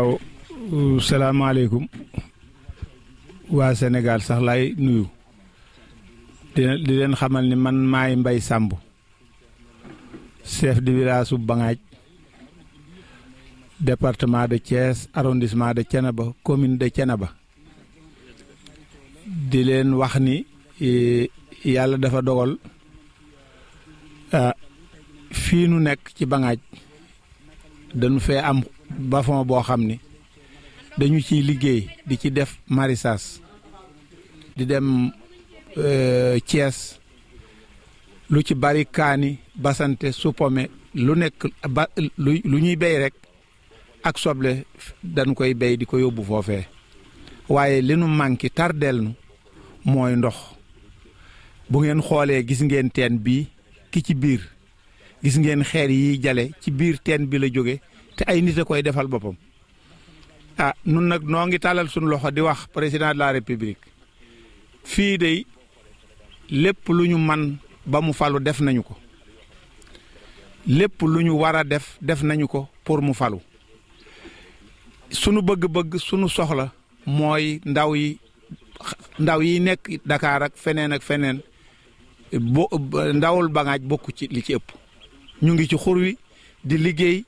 waaw salaamaaleykum waa senegaal sax lay nuyu di leen xamal ni man maay Mbay Sàmb chef de village bu Bangaaj département de Thiès arrondissement de ba commune de ba di leen wax ni eh, yàlla dafa dogal ah, fii nu nekk ci Bangaaj dañu fee am bafon boo xam ni dañu ciy liggéey di ci def maraîchage di dem euh, Thiès lu ci bari kaani basante supome lu nekk ba lu ñuy béy rek ak soble dañ koy béy di ko yóbbu foofe waaye li nu manqué tardeel nu mooy ndox bu ngeen xoolee gis ngeen teen bii ki ci biir gis ngeen xeer yiy jale ci biir teen bi la jóge te ay nit a koy defal boppam ah nun nag noo ngi tàllal suñu loxo di wax président de la république fii de lépp lu ñu man ba mu falu def nañu ko lépp lu ñu war a def def nañu ko pour mu falu sunu bëgg-bëgg sunu soxla mooy ndaw yi ndaw yi nekk Dakar ak feneen ak feneen bo ndawul bangaaj bokk ci li ci ëpp ñu ngi ci xur wi di liggéey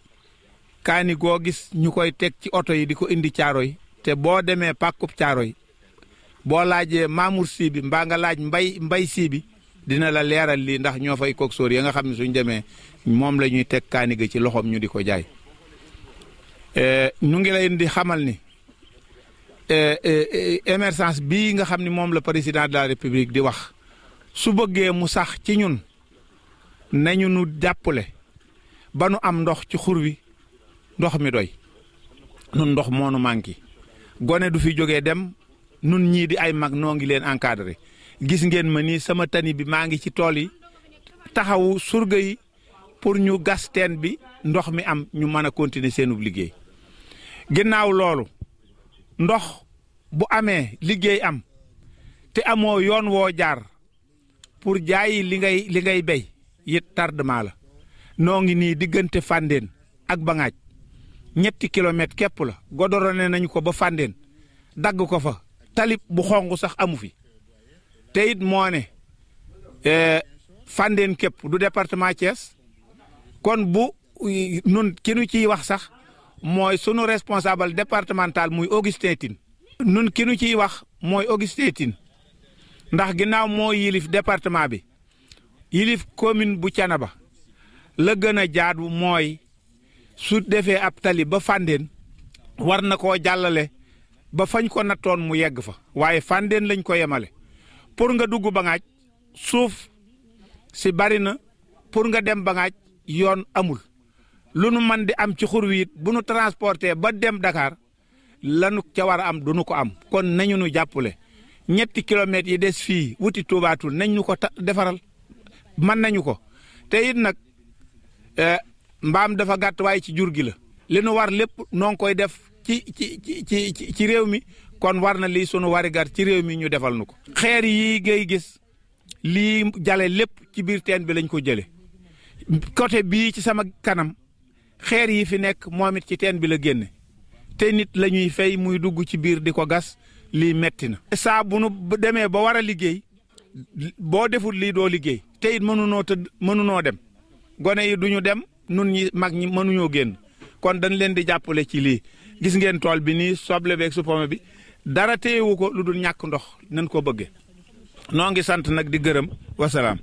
kaani goo gis ñu koy teg ci oto yi di ko indi caaro yi te boo demee pàkkub yi boo laajee Mamour Sy mbaa nga laaj mbay mbay Sy bi dina la leeral lii ndax ñoo fay koog yi ya nga xam ne suñ demee moom la ñuy teg kaani ga ci loxoom ñu di ko jaay eh, ñu ngi leen di xamal ni eh, eh, émergence bii nga xam ni moom la président de la république di wax su bëggee mu sax ci ñun nañu nu jàppale ba nu am ndox ci xur wi ndox mi doy nun ndox moonu manqué gone du fi jóge dem nun ñii di ay mag noo ngi leen encadré gis ngeen ma ni sama tani bi maa ngi ci tool yi taxawu surga yi pour ñu gas teen bi ndox mi am ñu mën a continuer seenub liggéey ginnaaw loolu ndox bu amee liggéey am te amoo yoon woo jaar pour jaayi li ngay li ngay béy it tardement la noo ngi nii diggante Fandène ak Bangaaj ñetti kilomètre képp la godorone nañu ko ba fàndeen dagg ko fa talib bu xong sax amu fi te it moo ne eh, fàndeen képp du département Thiès kon bu nun ki ciy wax sax mooy sunu responsable départemental muy Augustin Tine nun ki nu ciy wax mooy Augustin ndax ginnaaw moo yilif département bi yilif commune bu Thiénaba la gën a jaadu mooy su defee ab tali ba fàndeen war na koo jàllale ba fañ ko nattoon mu yegg fa waaye fàndeen lañ ko yemale pour nga dugg ba ngaaj suuf si bari na pour nga dem ba ngaaj yoon amul lu nu man di am ci xur wi bu nu transporté ba dem dakaar lanu ca war a am du ko am kon nañu nu jàppule ñetti kilomètres yi des fii wuti tuubaatul nañ ñu ko defaral mën nañu ko te it nag eh, mbaam dafa gàtt waaye ci jur gi la li nu war lépp noo ngi koy def ci ci ci ci ci réew mi kon war na lii sunu warigar ci réew mi ñu defal nu ko. xeer yi ngay gis lii jale lépp ci biir teen bi lañ ko jëlee côté bii ci sama kanam xeer yi fi nekk moom it ci teen bi la génne te nit la ñuy fay muy dugg ci biir di ko gas lii metti na. saa bu nu demee ba war a liggéey boo deful lii doo liggéey te it mënunoo tëdd mënunoo dem gone yi duñu dem. nun ñi mag ñi mënuñoo génn kon dañ leen di jàppale ci lii gis ngeen tool bi nii soble beeg su bi dara téyewu ko lu dul ñàkk ndox nañ ko bëggee noo ngi sant nag di gërëm wasalaam